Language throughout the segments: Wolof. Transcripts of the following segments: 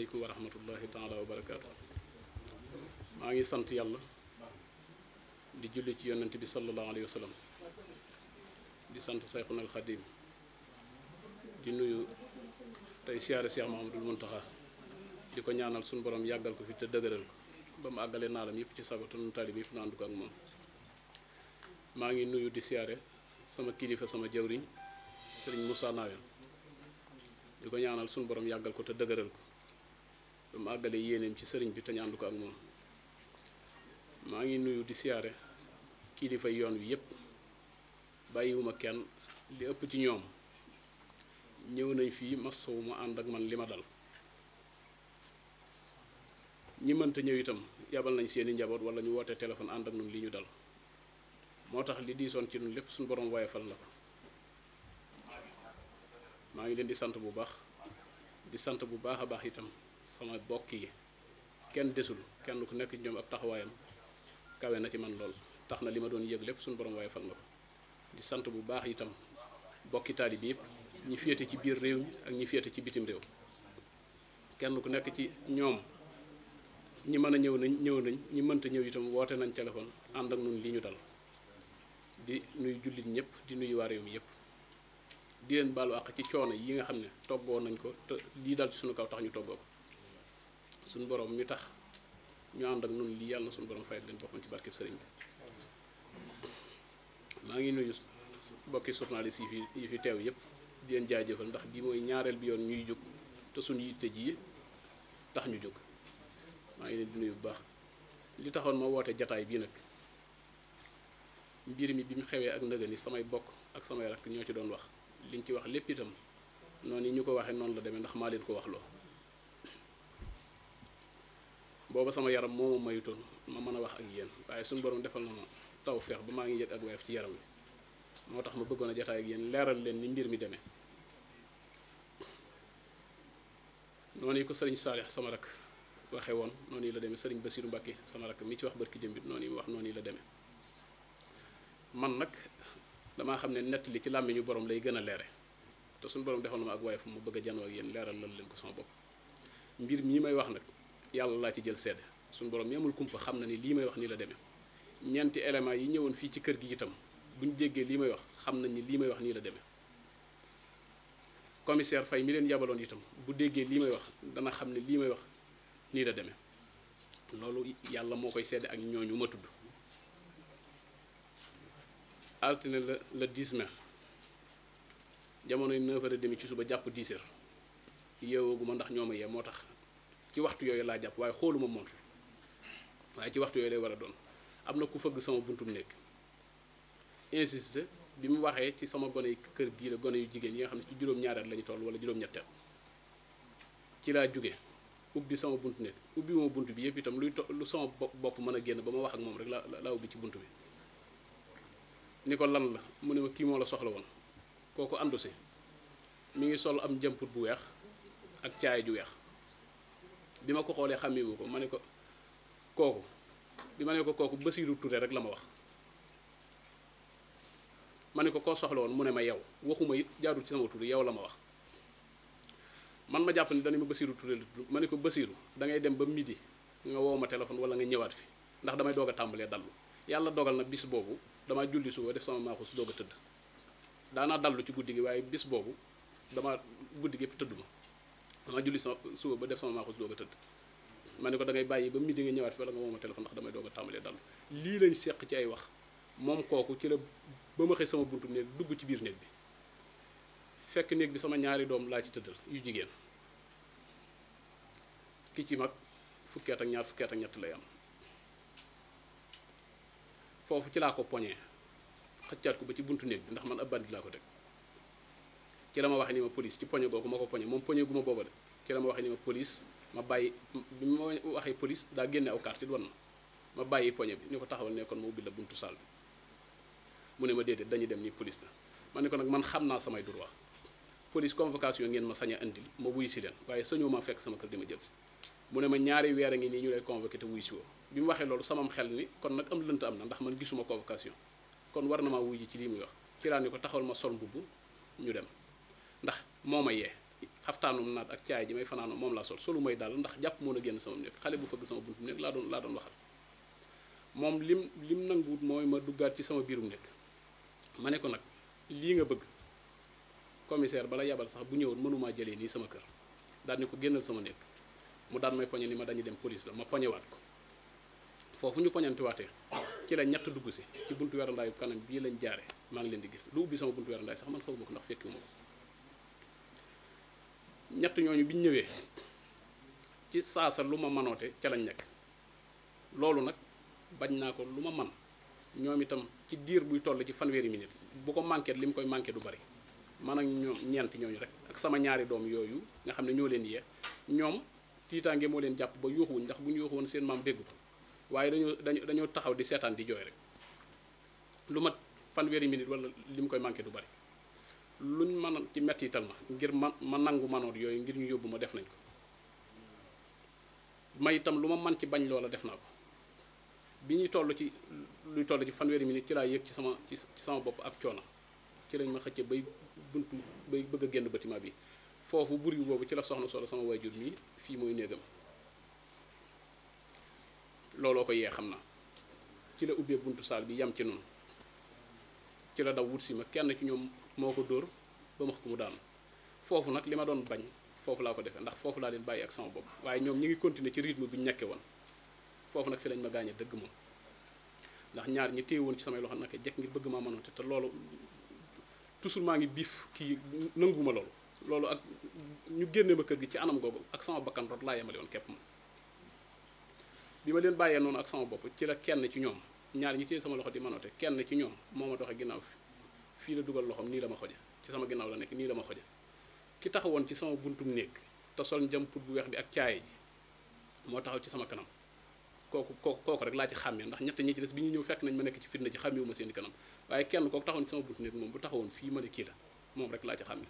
aleykum wa rahmatullahi maa ngi sant yàlla di julli ci yonent bi sallallahu alayhi wa sallam di sant sayxuna alxadim di nuyu tey siyaare Cheikh Mahamadul Muntaxa di ko ñaanal suñu borom yàggal ko fi te dëgëral ko ba mu àggale naalam yëpp ci sago te nu taalib yëpp naandu ko ak moom maa ngi nuyu di siyaare sama kilifa sama jawriñ sëriñ Moussa Nawel di ko ñaanal suñu borom yàggal ko te dëgëral ko ba mu àggale yéeneem ci sëriñ bi te ñu ànd ko ak moom maa ngi nuyu di siyaare kilifa yoon wi yépp bàyyiwuma kenn li ëpp ci ñoom ñëw nañ fii masawu ma ànd ak man li ma dal ñi mënta ñëw itam yabal nañ seeni njaboot wala ñu woote téléphone ànd ak ñun li ñu dal moo tax li diisoon ci ñun lépp suñu borom woyofal na ko maa ngi leen di sant bu baax di sant bu baax a baax itam sama bokk yi kenn desul kenn ku nekk ñoom ab taxawaayam kawe na ci man lool tax na li ma doon yëg lépp suñu borom waaye fal ko di sant bu baax itam bokki taalib yëpp ñi féete ci biir réew mi ak ñi féete ci bitim réew kenn ku nekk ci ñoom ñi mën a ñëw nañ ñëw nañ ñi mënta ñëw itam woote nañ téléphone ànd ak nun li ñu dal di nuy jullit ñëpp di nuyu waa réew mi yëpp di leen baalu àq ci coono yi nga xam ne toggoo nañ ko te lii dal ci suñu kaw tax ñu toggoo ko suñu borom mi tax ñu ànd ak noonu lii yàlla na suñu borom fayal leen boppam ci barkeb sëriñ bi maa ngi nuyu bokki journaliste yi fi yi fi teew yëpp di leen jaajëfal ndax bi mooy ñaareel bi yoon ñuy jóg te suñu yitte ji tax ñu jóg maa ngi leen di nuyu bu baax li taxoon ma woote jataay bii nag mbir mi bi mu xewee ak ndëgën ni samay bokk ak samay rakk ñoo ci doon wax liñ ci wax lépp itam noonu ñu ko waxee noonu la demee ndax maa leen ko wax loo booba sama yaram moo ma mayutoon ma mën a wax ak yéen waaye suñu borom defal na ma taw feex ba maa ngi yëg ak woyof ci yaram wi moo tax ma bëggoon a jataay ak yéen leeral leen ni mbir mi demee noonu ko sëriñ Saalix sama rakk waxee woon noonu yi la demee sëriñ Basiiru Mbàkke sama rakk mi ci wax barki jëmbit noonu yi wax noonu la demee nag damaa xam ne nett li ci làmmiñu borom lay gën a leere te suñu borom defal na ma ak woyof ma bëgg a janoo yéen leeral lan leen ko sama bopp mbir mii may wax nag yàlla laa ci jël sedd suñu borom mi amul kumpa xam na ni lii may wax nii la demee ñeenti éléments yi ñëwoon fii ci kër gi itam buñ jéggee lii may wax xam nañ ni lii may wax nii la deme commissaire fay mi leen yabaloon itam bu déggee lii may wax dana xam ne lii may wax nii la deme loolu yàlla moo koy seede ak ñooñu ma tudd altine la le 10 mai jamono 9 a 30 ci suba jàpp 10h yeewoogu ma ndax ñoo ma yee moo tax ci waxtu yooyu laa jàpp waaye xooluma montre waaye ci waxtu yooyu lay war a doon am na ku fëgg sama bu nekk insisté bi mu waxee ci sama gone kër gii la gone yu jigéen yi nga xam ne ci juróom-ñaareel lañu toll wala juróom-ñetteel ci laa jóge ubbi sama bunt nekk ubbi bunt bi yëpp itam luy to lu sama bopp mën a génn ba ma wax ak moom rek la laa ubbi ci bunt bi ni ko lan la mu ne ma kii moo la soxla woon kooku àndu si mi ngi sol am jëmput bu weex ak caay ju weex bi ma ko xoolee xàmmewu ko ma ne ko kooku bi ma ne ko kooku Basiiru Ture rek la ma wax ma ne ko koo soxla woon mu ne ma yow waxuma it jaarul ci sama tur yow la ma wax man ma jàpp ne dana ma Basiiru Ture la ma ne ko Basiiru dangay ngay dem ba midi nga woo ma téléphone wala nga ñëwaat fi ndax damay doog tàmbalee dallu yàlla dogal na bis boobu damaa julli suba def sama maaxus doog a tëdd daanaa dallu ci guddi gi waaye bis boobu dama guddi gépp tëdd ma danga julli sama suba ba def sama maaxus doog a tëdd ma ne ko da bàyyi ba midi nga ñëwaat fi wala nga woo ma téléphone ndax damay doog a tàmbalee dal lii lañ seq ci ay wax moom kooku ci la ba ma xëy sama buntu néeg dugg ci biir néeg bi fekk néeg bi sama ñaari doom laa ci tëddal yu jigéen ki ci mag fukki at ak ñaar fukki ak ñett lay am foofu ci laa ko poñee xëccaat ko ba ci buntu néeg bi ndax man ab bandi laa ko teg ci la ma waxee ni ma police ci poñe googu ma ko poñe moom poñe gu ma booba de ci la ma waxee ni ma police ma bàyyi bi ma waxee police daa génne aw carte it wan ma bàyyi poñe bi ni ko taxawal ne kon ma ubbi buntu saal mu ne ma déedéet dañuy dem ni police ma ne ko nag man xam naa samay droit police convocation ngeen ma sañ a andil ma wuy si waaye sañoo ma fekk sama kër ma jël si mu ma ñaari weer a ngi nii ñu lay convoqué te wuy si woo bi mu waxee loolu samam xel ni kon nag am lënt am na ndax man gisuma convocation kon war na maa wuy ci lii muy wax ci ko taxawal ma sol mbubb ñu dem ndax moo ma yee xaftaanum naat ak caay ji may fanaanoo moom laa sol solu may daal ndax jàpp moo a génn sama néeg xale bu fëgg sama buntu néeg laa doon laa doon waxal moom lim lim mooy ma duggaat ci sama biirum nekk ma ne ko nag lii nga bëgg commissaire bala yabal sax bu ñëwoon mënumaa jëlee nii sama kër daal ko génnal sama nekk mu daan may poñe ni ma dañuy dem police ma poñewaat ko foofu ñu poñantiwaatee ci la ñett dugg si ci buntu werandaayu kanam bii lañ jaare maa ngi leen di gis lu ubbi sama buntu werandaay sax man xaw ma ko ndax fekkiwuma ko ñett ñooñu bi ñu ñëwee ci saasa lu ma manoote ca la nekk loolu nag bañ naa ko lu ma man ñoom itam ci diir buy toll ci fanweeri minute bu ko manqué li mu koy manqué du bari man ak ñoom ñeent ñooñu rek ak sama ñaari doom yooyu nga xam ne ñoo leen yee ñoom tiitaange moo leen jàpp ba yuuxuwuñ ndax bu ñu yuuxuwoon seen maam dégg ko waaye dañoo dañoo dañoo taxaw di seetaan di jooy rek lu mat fanweeri minute wala li mu koy manqué du bari lu mën a ci mettital ma ngir ma ma nangu manoor yooyu ngir ñu yóbbu ma def nañ ko ma itam lu ma man ci bañ loola def naa ko bi ñuy toll ci luy toll ci fanweeri minute ci laa yëg ci sama ci sama bopp ak coono ci lañ ma xëcce bay buntu bay bëgg a génn bâtiment bi foofu buriwu boobu ci la soxna solo sama waajur mii fii mooy néegam looloo ko yee xam na ci la ubbee buntu saal bi yam ci noonu ci la daw wut si ma kenn ci ñoom moo ko dóor ba max ko mu daanu foofu nag li ma doon bañ foofu laa ko defee ndax foofu laa leen bàyyi ak sama bopp waaye ñoom ñi ngi continuer ci rythme bi ñu nekkee woon foofu nag fi lañ ma gaañee dëgg moom ndax ñaar ñi téye woon ci samay loxo naka jekk ngir bëgg maa mënante te loolu maa ngi biif kii nanguma loolu loolu ak ñu génne ma kër gi ci anam googu ak sama bakkan rot laa yemale woon képp ma bi ma leen bàyyee noonu ak sama bopp ci la kenn ci ñoom ñaar ñi téye sama loxo di mënante kenn ci ñoom moo ma doxe ginnaaw fi fii la dugal loxoom nii dama ma xoje ci sama ginnaaw la nekk nii la ma xoje ki taxawoon ci sama buntum néeg te sol njam put bu weex bi ak caaye ji moo taxaw ci sama kanam kooku kooku kooku rek laa ci xàmmee ndax ñett ñi ci des bi ñu ñëw fekk nañ ma nekk ci fitna ci xàmmeewu ma seeni kanam waaye kenn kooku taxawoon ci sama buntum néeg moom bu taxawoon fii ma ne kii la moom rek laa ci xàmmee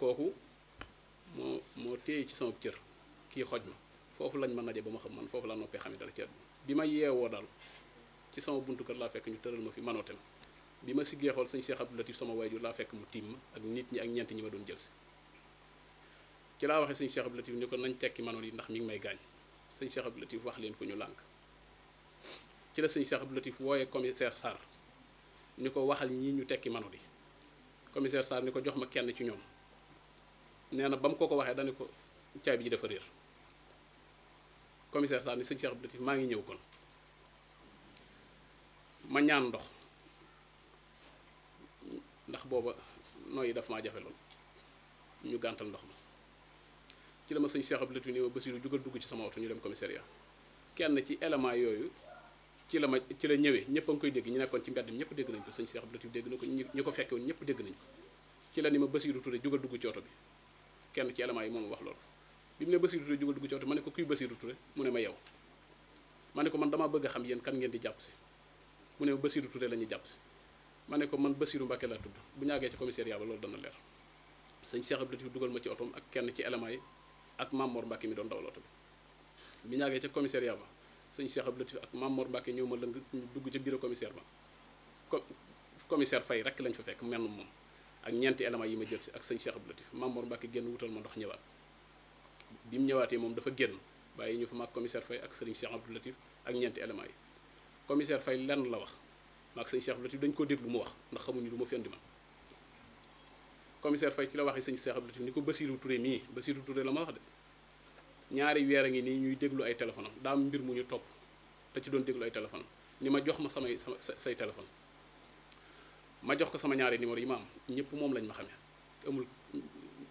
kooku moo moo téye ci sama cër kii xoj ma foofu lañ ma naje ba ma xam man foofu laa noppee xam dara ci bi ma yeewoo daal ci sama buntu laa fekk ñu tëral ma fi manoote ma bi ma siggee xool sëñ Cheikh Abdou Latif sama waajur laa fekk mu tiim ak nit ñi ak ñeent ñi ma doon jël si ci laa waxee sëñ Cheikh Abdou Latif ni ko nañ tekki manoon yi ndax mi ngi may gaañ sëñ Cheikh Abdou Latif wax leen ko ñu lànk ci la sëñ Cheikh Abdou Latif wooyee commissaire Sarr ni ko waxal ñii ñu tekki manoon yi commissaire Sarr ni ko jox ma kenn ci ñoom nee na ba mu ko ko waxee dana ko caabi ji dafa réer commissaire Sarr ni sëñ Cheikh Abdou Latif maa ngi ñëw kon ma ñaan ndox ndax booba nooyi daf maa jafe lool ñu gàntal ndox ma ci la ma sëñ Cheikh Abdou ni ma Basiru jugal dugg ci sama oto ñu dem commissariat kenn ci élément yooyu ci la ma ci la ñëwee ñëpp a ngi ñu nekkoon ci mbedd ñëpp dégg nañ ko sëñ Cheikh Abdou na ko ñi ko fekke ñëpp dégg nañ ko ci la ni ma Basiru kenn ci élément yi moom wax loolu bi mu ne Basiru Touré jugal dugg ci oto ma ne ko kuy Basiru Touré mu ne ma yow ma ne ko man damaa bëgg a xam yéen kan ngeen di jàpp si mu ne ma Basiru Touré la ñuy jàpp si ma ne ko man Basirou Mbacke laa tudd bu ñaagee ci commissariat ba loolu dana leer sëñ Cheikh Latif dugal ma ci otoom ak kenn ci élément yi ak Mamor Mbacke mi doon dawal oto bu ñaagee ca commissariat ba sëñ Cheikh Abdou Latif ak Mamor Mbacke ñëw ma lëng dugg ca bureau commissaire ba ko commissaire Faye rek lañ fa fekk menn moom ak ñeenti élément yi ma jël si ak sëñ Cheikh Abdou Latif Mamor Mbacke génn wutal ma ndox ñëwaat bi mu ñëwaatee moom dafa génn bàyyi ñu fa maag commissaire Faye ak sëriñ Cheikh Abdou Latif ak ñeenti élément yi commissaire Faye lenn la wax maag sëñ Cheikh Abdou Latif dañ ko déglu mu wax ndax xamuñu lu ma fi andi man commissaire Faye ci la waxee sëñ Cheikh Abdou Latif ni ko Basirou Touré mii Basirou Touré la ma wax de ñaari weer a ngi nii ñuy déglu ay téléphone am daa mbir mu ñu topp te ci doon déglu ay téléphone ni ma jox ma samay sama say téléphone ma jox ko sama ñaari numéro yi ma am ñëpp moom lañ ma xamee amul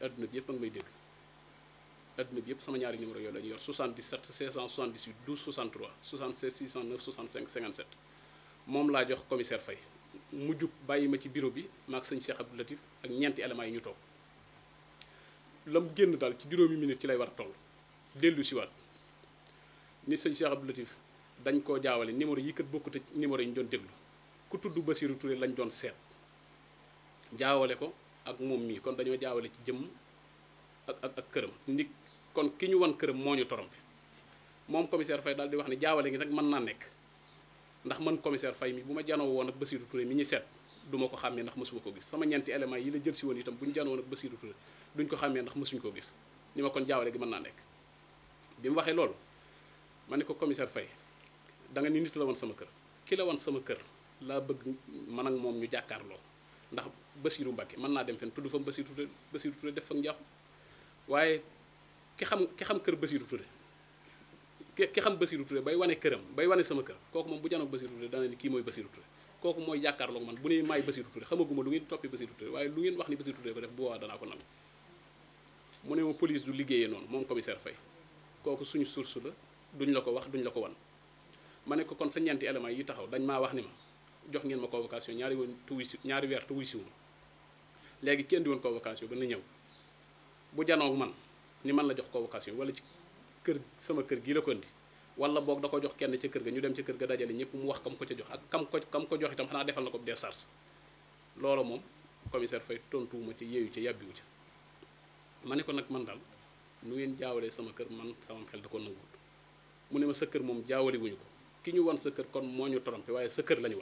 adduna bi yëpp a ngi may dégg adduna bi yëpp sama ñaari numéro yooyu la yor 77 678 12 63 moom laa jox commissaire fay mu jug bàyyi ma ci bureau bi maag sëñ Cheikh Abdou Latif ak ñeenti éléments yi ñu toog lam génn daal ci juróomi minute ci lay war a toll dellu siwaat ni sëñ Cheikh Abdou Latif dañ koo jaawale numéro yi kat bokkut ak numéro yi ñu doon déglu ku tudd Basirou Touré lañ doon seet jaawale ko ak moom mii kon dañoo jaawale ci jëmm ak ak ak këram ni kon ki ñu wan këram moo ñu torompe moom commissaire fay daal di wax ne jaawale ngi nag mën naa nekk ndax man commissaire fay mi bu ma janoo woon ak Bassirou Touré mi ñu seet du ma ko xàmmee ndax mësuma ko gis sama ñeenti éléments yi la jël si woon itam bu ñu janoo woon ak Bassirou Touré duñ ko xàmmee ndax mësuñ ko gis ni ma kon jaawale gi mën naa nekk bi mu waxee loolu ma ne ko commissaire fay da nga ni nit la woon sama kër ki la woon sama kër laa bëgg man ak moom ñu jàkkaarloo ndax Bassirou Mbacké mën naa dem fen tudd fa Bassirou Touré Bassirou Touré def fa njaaxu waaye ki xam ki xam kër Bassirou Touré ki xam Basirou Touré bay wane këram bay wane sama kër kooku moom bu janoog Basirou Touré dana ni kii mooy Basirou Touré kooku mooy jàkkaarloog man bu ne maay Basirou Touré xamaguma lu ngeen toppi Basirou Touré waaye lu ngeen wax ni Basirou Touré ko def bu waa danaa ko nangu mu ne ma police du liggéeyee noonu moom commissaire Faye kooku suñu source la duñu la ko wax duñu la ko wan ma ne ko kon sa ñeenti éléments yi taxaw dañ maa wax ni ma jox ngeen ma convocation ñaari woon tuuy si ñaari weer tuuy siwu ma léegi kenn di woon convocation ba na bu janoog man ni man la jox convocation wala ci kër sama kër gii la ko indi wala boog da ko jox kenn ca kër ga ñu dem ca kër ga dajale ñëpp mu wax kam ko ca jox ak kam ko kam ko jox itam xanaa defal na ko décharge loolu moom commissaire Faye tontuwuma ci yeeyu ca yàbbiwu ma ne ko nag man daal nu ngeen jaawalee sama kër man sama xel da ko nanguwut mu ne ma sa kër moom jaawale wuñu ko ki ñu wan sa kër kon moo ñu trompé waaye sa kër la ñu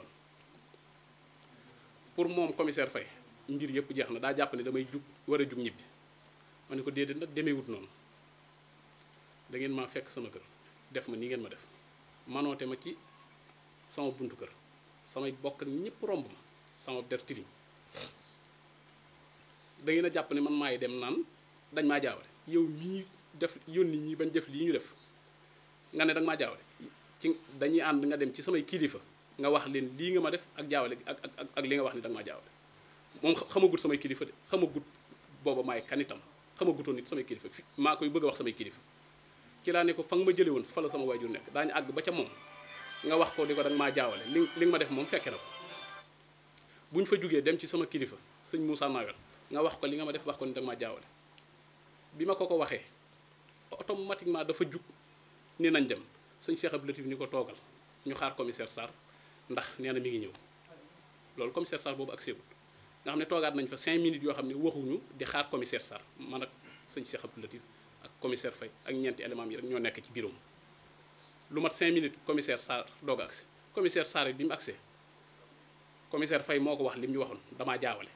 moom commissaire Faye mbir yëpp jeex na daa jàpp ne damay jug war a jug ñibbi ma ne ko déedéet nag demeewut noonu da ngeen maa fekk sama kër def ma ni ngeen ma def manoote ma ci sama buntu kër samay bokk ak ñëpp romb ma sama der tilim da a jàpp ne man maay dem naan dañ maa jaawale yow mii def nit ñi bañ def lii ñu def nga ne da maa jaawale ci dañuy ànd nga dem ci samay kilifa nga wax leen lii nga ma def ak jaawale ak ak ak li nga wax ne da nga maa jaawale moom xamagut samay kilifa de xamagut booba maay kanitam xamagutoon nit samay kilifa fi maa koy bëgg a wax samay kilifa ci laa ne ko fa nga ma jëlee woon fa la sama waajur nekk daañu àgg ba ca moom nga wax ko di ko da maa jaawale li li nga ma def moom fekke na ko bu ñu fa jugee dem ci sama kilifa sëñ Moussa Nawel nga wax ko li nga ma def wax ko ni da maa jaawale bi ma ko ko waxee oto automatiquement dafa jug ni nañ dem sëñ Cheikh Abdou Latif ni ko toogal ñu xaar commissaire sar ndax nee na mi ngi ñëw loolu commissaire Sarr boobu ak séegul nga xam ne toogaat nañ fa cinq minutes yoo xam ne waxuñu di xaar commissaire Sarr man ak sëñ Cheikh Abdou commissaire Faye ak ñeenti élément yi rek ñoo nekk ci biirum lu mat 5 minutes commissaire Sarr doog a agsi commissaire bi mu agsee commissaire Faye moo ko wax li mu waxoon damaa jaawale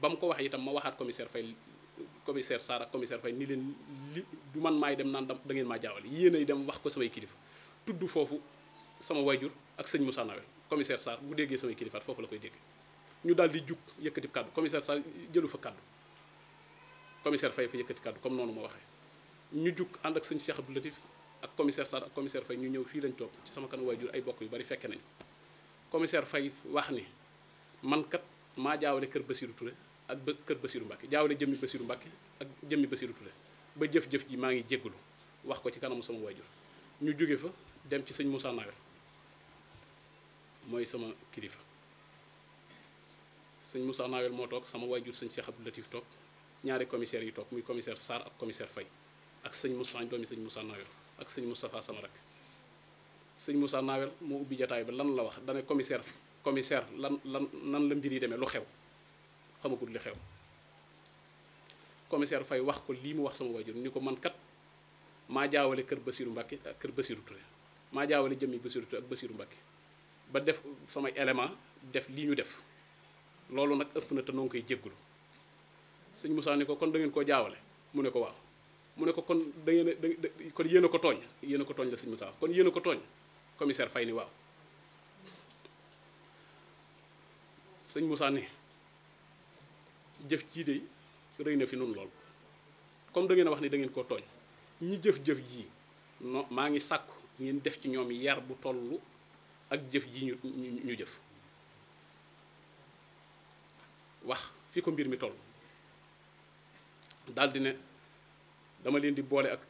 ba mu ko wax itam ma waxaat commissaire Faye commissaire Sarr ak commissaire Faye ni leen du man maay dem naan da ngeen maa jaawale yéen ay dem wax ko samay kilifa tudd foofu sama wayjur ak sëñ Moussa Nawel commissaire Sarr bu déggee samay kilifaat foofu la koy dégg ñu daal di jug yëkkati kàddu commissaire Sarr jëlu fa kàddu commissaire Faye fa yëkkati kàddu comme noonu ma waxee ñu jug ànd ak sëñ Cheikh Abdou Latif ak commissaire Sarr ak commissaire Faye ñu ñëw fii lañu toog ci sama kanam waajur ay bokk yu bari fekke nañ ko commissaire Faye wax ni mankat maa jaawale kër Basirou Touré ak ba kër Basirou Mbacke jaawale jëmmi Basirou Mbacke ak jëmmi Basirou Touré ba jëf-jëf ji maa ngi jégalu wax ko ci kanamu sama waajur ñu jóge fa dem ci sëñ Moussa Nawel mooy sama kilifa sëñ Moussa Nawel moo toog sama waajur sëñ Cheikh Abdou Latif toog ñaari commissaires yi toog muy commissaire Sarr ak commissaire ak sëñ Moussa doomi sëñ Moussa ak sëñ Moustapha sama rak sëñ musaa Nawel moo ubbi jataay ba lan la wax dane commissaire commissaire lan lan nan la mbir demee lu xew xamagul li xew commissaire wax ko lii mu wax sama waajur ni ko man kat maa jaawale kër Basiiru Mbàkke ak kër Basiiru Touré maa jaawale jëmmi Basiiru Touré ak Basiiru ba def samay élément def lii ñu def loolu nag ëpp na te noo ngi koy jéggulu sëñ musaa ni ko kon da koo jaawale mu ne ko waaw mu ne ko kon da ngeen kon yéen a ko tooñ yéen a ko tooñ la sëñ Moussa kon yéen a ko tooñ commissaire fay ni waaw sëñ Moussa ni jëf jii de rëy na fi noonu lool comme dangeen a wax ni dangeen koo tooñ ñi jëf-jëf jii non maa ngi sàkku ngeen def ci ñoom yar bu tollu ak jëf ji ñu ñu jëf wax fi ko mbir mi toll daldi ne dama leen di boole ak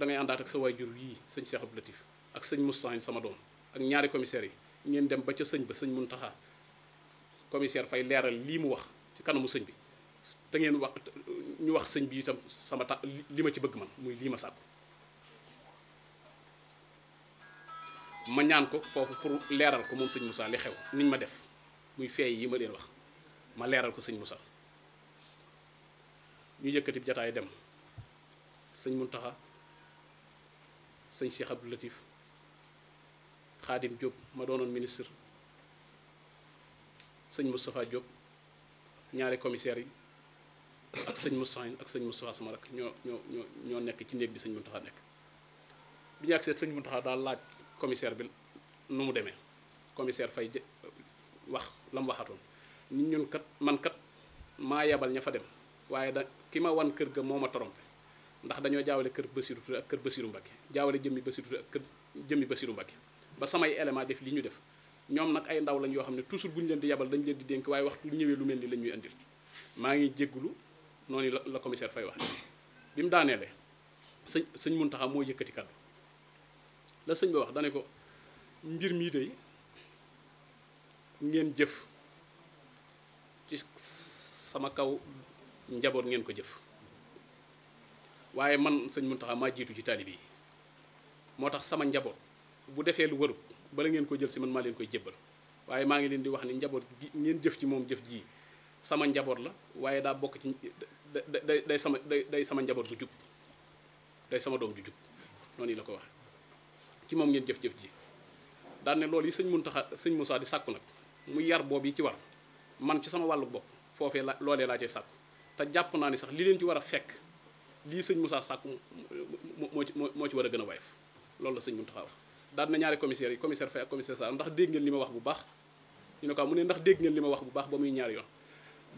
da ngay àndaat ak sa waajur yii sëñ Cheikh Abdou ak sëñ Moussa sama doom ak ñaari commissaires yi ngeen dem ba ca sëñ ba sëñ taxa commissaire fay leeral lii mu wax ci kanamu sëñ bi te ngeen wax ñu wax sëñ bi itam sama ta li ma ci bëgg man muy lii ma sàkku ma ñaan ko foofu pour leeral ko moom sëñ Moussa li xew niñ ma def muy feey yi ma leen wax ma leeral ko sëñ Moussa ñu yëkkati jataay dem sëñ Muntaxa sëñ Cheikh Abdou Latif Xaadim Diop ma doonoon ministre sëñ Moustapha Diop ñaari commissaires yi ak sëñ Moustapha ak sëñ Moustapha sama rak ñoo ñoo ñoo ñoo nekk ci néeg bi sëñ Muntaxa nekk bi ñu agsee sëñ Muntaxa daal laaj commissaire bi nu mu demee commissaire Faye wax la mu waxatoon ñun kat man kat maa yabal ña fa dem waaye da ki ma wan kër ga moom ma trompé ndax dañoo jaawale kër Bassirou Touré kër Bassirou Mbacké jaawale jëmmi Bassirou Touré ak kër jëmmi Bassirou Mbacké ba samay élément def li ñu def ñoom nag ay ndaw lañ yoo xam ne toujours bu ñu leen di yabal dañ leen di dénk waaye waxtu ñëwee lu mel ni la ñuy maa ngi jéggulu noonu la la commissaire Faye wax bi mu daaneele sëñ sëñ taxam moo yëkkati kaddu la sëñ ba wax dane ko mbir mii de ngeen jëf ci sama kaw njaboot ngeen ko jëf waaye man sëñ Muntaxa maa jiitu ci taalibe yi moo tax sama njaboot bu defee lu warut bala ngeen ko jël si man maa leen koy jébbal waaye maa ngi leen di wax ni njaboot gi ngeen jëf ci moom jëf ji sama njaboot la waaye daa bokk ci day sama day day sama njaboot bu jub day sama doom ju jub noonu la ko wax ci moom ngeen jëf jëf ji daan ne loolu yi sëñ Muntaxa sëñ Moussa di sàkku nag mu yar boobu yi ci war man ci sama wàllu bopp foofee la loolee laa cay sàkku te jàpp naa ni sax li leen ci war a fekk. lii sëñ Moussa Sakku moo ci moo ci war a gën a wayef loolu la sëñ Mountakha wax daal na ñaari commissaires yi commissaire Faye ak commissaire Sarr ndax dégg ngeen li ma wax bu baax ñu ne ko mu ne ndax dégg ngeen li ma wax bu baax ba muy ñaari yoon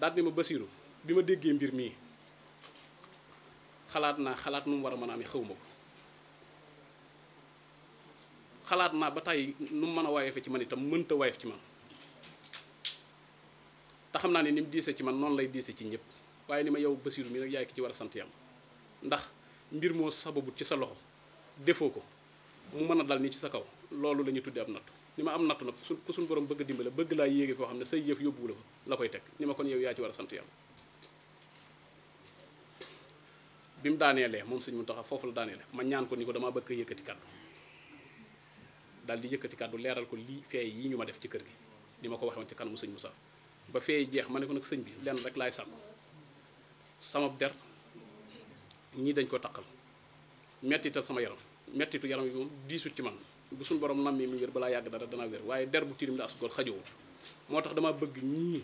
daal ne ma Basiru bi ma déggee mbir mii xalaat naa xalaat nu mu war a mën a amee xaw ma ko xalaat naa ba tey nu mu mën a wayefe ci man itam mënta wayef ci man te naa ne ni mu diise ci man noonu lay diise ci ñëpp ni ma yow Basiru mi nag yaay ki ci war a sant yàlla ndax mbir moo sababut ci sa loxo defoo ko mu mën a dal nii ci sa kaw loolu la ñuy tuddee am nattu ni ma am nattu nag su ku suñ borom bëgg dimbale bëgg laa yéege foo xam ne say jëf yóbbuwula fa la koy teg ni ma kon yow yaa ci war a sant yàlla bi mu daaneelee moom sëñ Muntaxa foofu la daaneele ma ñaan ko ko damaa bëgg a yëkkati kàddu daal di yëkkati kàddu leeral ko lii fee yi ñu ma def ci kër gi ni ma ko waxee woon ci kanamu sëñ mu Moussa ba fee jeex ma ne ko nag sëñ bi lenn rek laay sàkku sama der ñii dañ ko taqal mettital sama yaram mettitu yaram bi moom diisut ci man bu suñ borom nammee mu wér balaa yàgg dara dana wér waaye der bu tilim la asgoor xajowul moo tax damaa bëgg ñii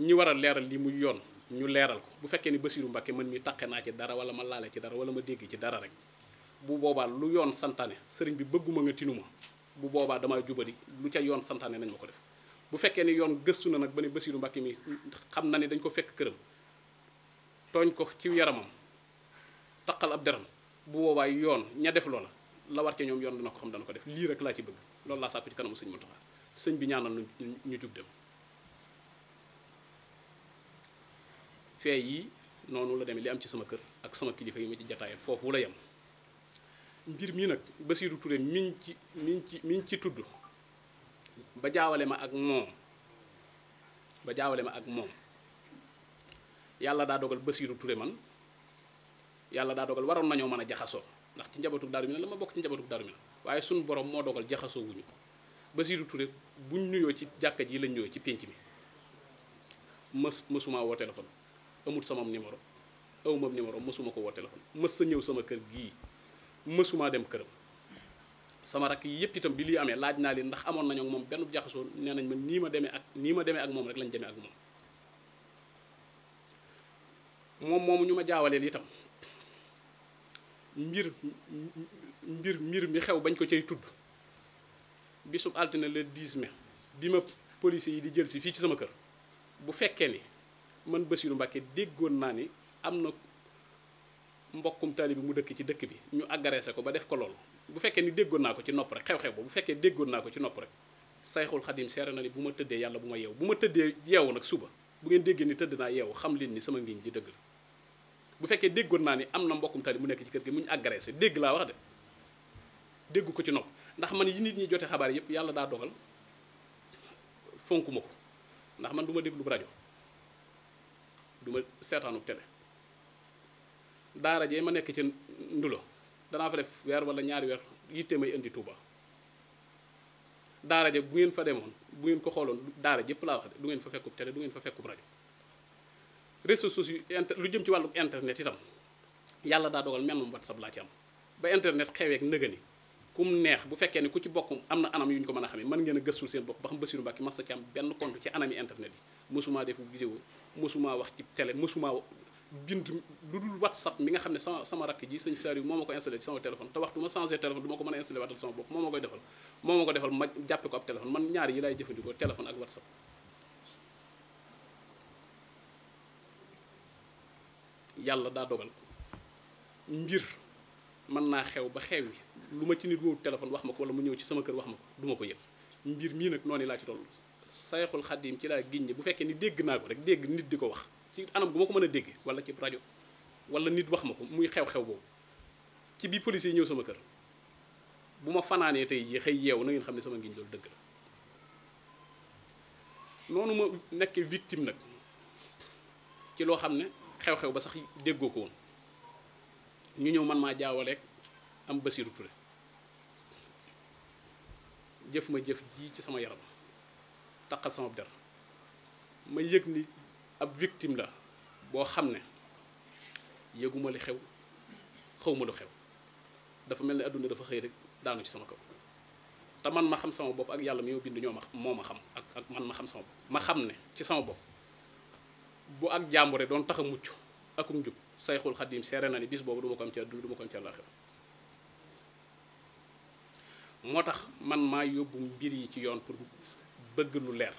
ñi war a leeral li muy yoon ñu leeral ko bu fekkee ni Basiiru Mbàkke man mi taqe naa ci dara wala ma laale ci dara wala ma dégg ci dara rek bu boobaa lu yoon santaane sëriñ bi bëgguma nga tinuma bu boobaa damaa jubali lu ca yoon santaane nañ ma ko def bu fekkee yoon gëstu na nag ba ne Basiiru mi xam na ne dañ ko fekk këram tooñ ko ci yaramam taqal ab deram bu boobaay yoon ña def loola lawar ca ñoom yoon dana ko xam dana ko def lii rek laa ci bëgg loolu laa sàkku ci kanamu sëñ Muntaxa sëñ bi ñaanal ñu ñu jug dem fee yi noonu la deme li am ci sama kër ak sama kilifa yi ma ci jataayal foofu la yem mbir mii nag Basiiru Ture miñ ci miñ ci miñ ci tudd ba jaawale ma ak moom ba jaawale ma ak moom yàlla daa dogal Basiiru Ture man yàlla daa dogal waroon nañoo mën a jaxasoo ndax ci njabootug Daaru na la ma bokk ci njabootug Daaru Minam waaye suñu borom moo dogal jaxasoo wuñu Basiiru Ture buñ nuyoo ci jàkka ji lañ nuyoo ci pénc mi mës mësuma woo téléphone amul sama numéro aw ma numéro mësuma ko woo téléphone mës sa ñëw sama kër gii mësuma dem këram sama rakk yi yëpp itam bi lii amee laaj naa leen ndax amoon nañoo moom benn jaxasoo nee nañ ma nii ma demee nii ma demee ak moom rek lañ demee ak moom moom moomu ñu ma jaawaleel itam mbir mbir mbir mi xew bañ ko cay tudd bisub altine le 10 mai bi ma policiers yi di jël si fii ci sama kër bu fekkee ni man Bassirou Mbacké déggoon naa ni am na mbokkum taalibe bi mu dëkk ci dëkk bi ñu agressé ko ba def ko loolu bu fekkee ni déggoon naa ko ci nopp rek xew-xew ba bu fekkee déggoon naa ko ci nopp rek sayxul xadim seere na ni bu ma tëddee yàlla bu ma yeewu bu ma tëddee yeewu nag suba bu ngeen déggee ni tëdd naa yeewu xam leen ni sama ngiñ li dëgg bu fekkee déggoon naa ni am na mbokkum tali mu nekk ci kër gi mu ñu agressé dégg laa wax de dégg ko ci nopp ndax man yi nit ñi jote xabaar yëpp yàlla daa dogal fonkuma ko ndax man du ma déglu rajo du ma seetaanu télé daara jee ma nekk ci ndulo danaa fa def weer wala ñaari weer yitte may indi Touba daara je bu ngeen fa demoon bu ngeen ko xooloon daara jëpp laa wax de du ngeen fa fekkub télé du ngeen fa fekkub rajo réseaux sociaux lu jëm ci wàllu internet itam yàlla daa dogal mel moom whatsapp laa ci am ba internet xeweek nëgëni kum neex bu fekkee ne ku ci bokk am na anam yu ñu ko mën a xamee mën ngeen a gëstul seen bopp ba xam Bassirou Mbacké mas na ci am benn compte ci anami internet yi mosumaa def vidéo mosumaa wax ci télé mosumaa bind lu dul whatsapp mi nga xam ne sama rakk ji sëñ Saliou moo ma ko installé ci sama téléphone te waxtu ma changé téléphone du a installé waatal sama bopp moo ma yàlla daa dogal mbir mën naa xew ba xew yi lu ma ci nit woowu téléphone wax ma ko wala mu ñëw ci sama kër wax ma ko du ma ko yëg mbir mii nag noonu laa ci toll sayxul xaddim ci laa giñ ne bu fekkee ni dégg naa ko rek dégg nit di ko wax ci anam gu ma ko mën a dégg wala ci rajo wala nit wax ma ko muy xew-xew boobu ci biir policier yi ñëw sama kër bu ma fanaanee tey jii xëy yeew na ngeen xam ne sama ngiñ loolu dëgg la noonu ma nekkee victime xew-xew ba sax déggoo ko woon ñu ñëw man maa jaawale rek am Basiru Ture jëf ma jëf jii ci sama yaram taqal sama der ma yëg ni ab victime la boo xam ne yëguma li xew ma lu xew dafa mel ni àdduna dafa xëy rek daanu ci sama kaw te man ma xam sama bopp ak yàlla mi ma bind ñoo ma moo ma xam ak ak man ma xam sama bopp ma xam ne ci sama bopp bu ak jàmbure doon tax a mucc akum jub sayxul xadim seere na ni bis boobu du ma ko am ci àdduna du ma ko am ci àllaaxira moo tax man maa yóbbu mbir yi ci yoon pour bëgg lu leer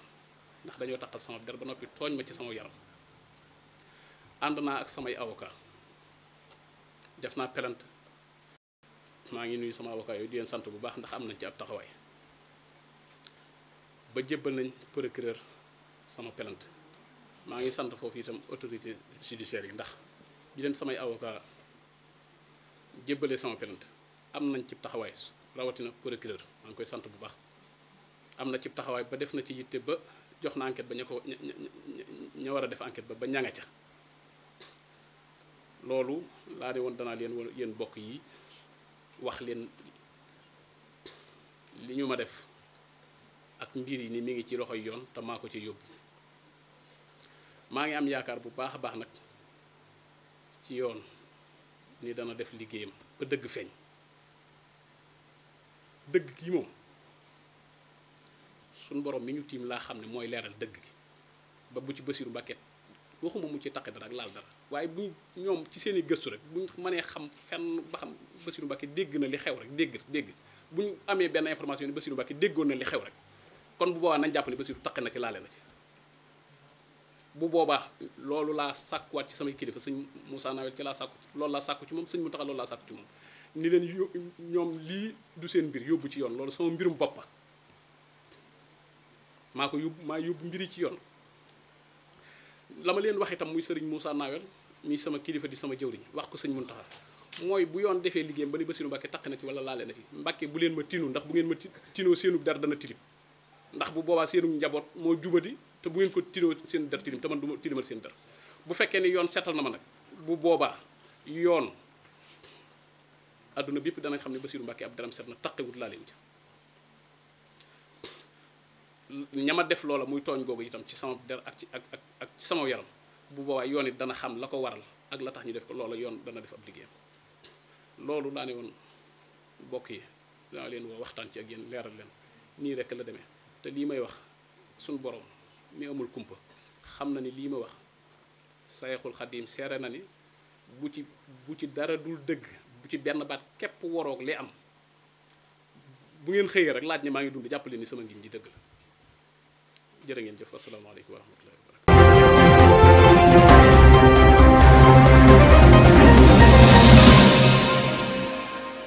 ndax dañoo taqal sama ba noppi tooñ ma ci sama yaram ànd naa ak samay avocat def naa pelante maa ngi nuyu sama avocat yooyu di sant bu baax ndax am nañ ci ab taxawaay ba jébbal nañ procureur sama pelant maa ngi sant foofu itam autorité judiciaire yi ndax bi leen samay avocat jébbalee sama plainte am nañ ci taxawaay rawatina procureur maa ngi koy sant bu baax am na ci taxawaay ba def na ci yitte ba jox na enquête ba ña ko ña war a def enquête ba ba ñanga ca loolu laa ne woon danaa leen wala yéen bokk yi wax leen li ñu ma def ak mbir yi ni mi ngi ci loxoy yoon te maa ko ci yóbbu maa ngi am yaakaar bu baax a baax nag ci yoon ni dana def liggéeyam ba dëgg feeñ dëgg gi moom suñ borom mi ñu tiim laa xam ne mooy leeral dëgg gi ba bu ci Basiru Mbàkke waxuma mu ci taqe dara ak laal dara waaye bu ñoom ci seen i gëstu rek buñ mënee xam fenn ba xam Basiru Mbàkke dégg na li xew rek dégg dégg ñu amee benn information ni Basiru Mbàkke déggoon na li xew rek kon bu boobaa nañ jàppale ne Basiru na ci laale na ci bu boobaa loolu laa sàkkuwaat ci samay kilifa sëñ Moussa Nawel ci laa sàkku loolu laa sàkku ci moom sëñ Mountakha loolu laa sàkku ci moom ni leen yo ñoom lii du seen mbir yóbbu ci yoon loolu sama mbirum boppa maa ko yóbbu maa yóbbu mbiri ci yoon la ma leen wax itam muy sëriñ Moussa Nawel muy sama kilifa di sama jëwriñ wax ko sëñ Mountakha mooy bu yoon defee liggéeyam ba ni Bassirou Mbacké taq na ci wala laale na ci Mbacké bu leen ma tinu ndax bu ngeen ma tinoo seenub dara dana tilib ndax bu boobaa seenu njaboot moo jubati te bu ngeen ko tinoo seen dër tilim te man tilimal seen dër bu fekkee ni yoon seetal na ma nag bu boobaa yoon adduna bépp danañ xam ne Basiiru Mbàkke ab daram set na taqewut laa leen ci ñama def loola muy tooñ googu itam ci sama der ak ci ak ak sama yaram bu boobaa yoon it dana xam la ko waral ak la tax ñu def ko loola yoon dana def ab liggéeyam loolu laa woon mbokk yi dana leen woo waxtaan ci ak yéen leeral leen nii rekk la demee te lii may wax suñ boroom mi amul kumpa xam na ni lii ma wax sayxul xadim seere na ni bu ci bu ci dara dul dëgg bu ci benn baat képp waroog li am bu ngeen xëyee rek laaj ne maa ngi dund jàppale ni sama ngi di dëgg la jërë ngeen jëf asalaamaaleykum wa rahmatullah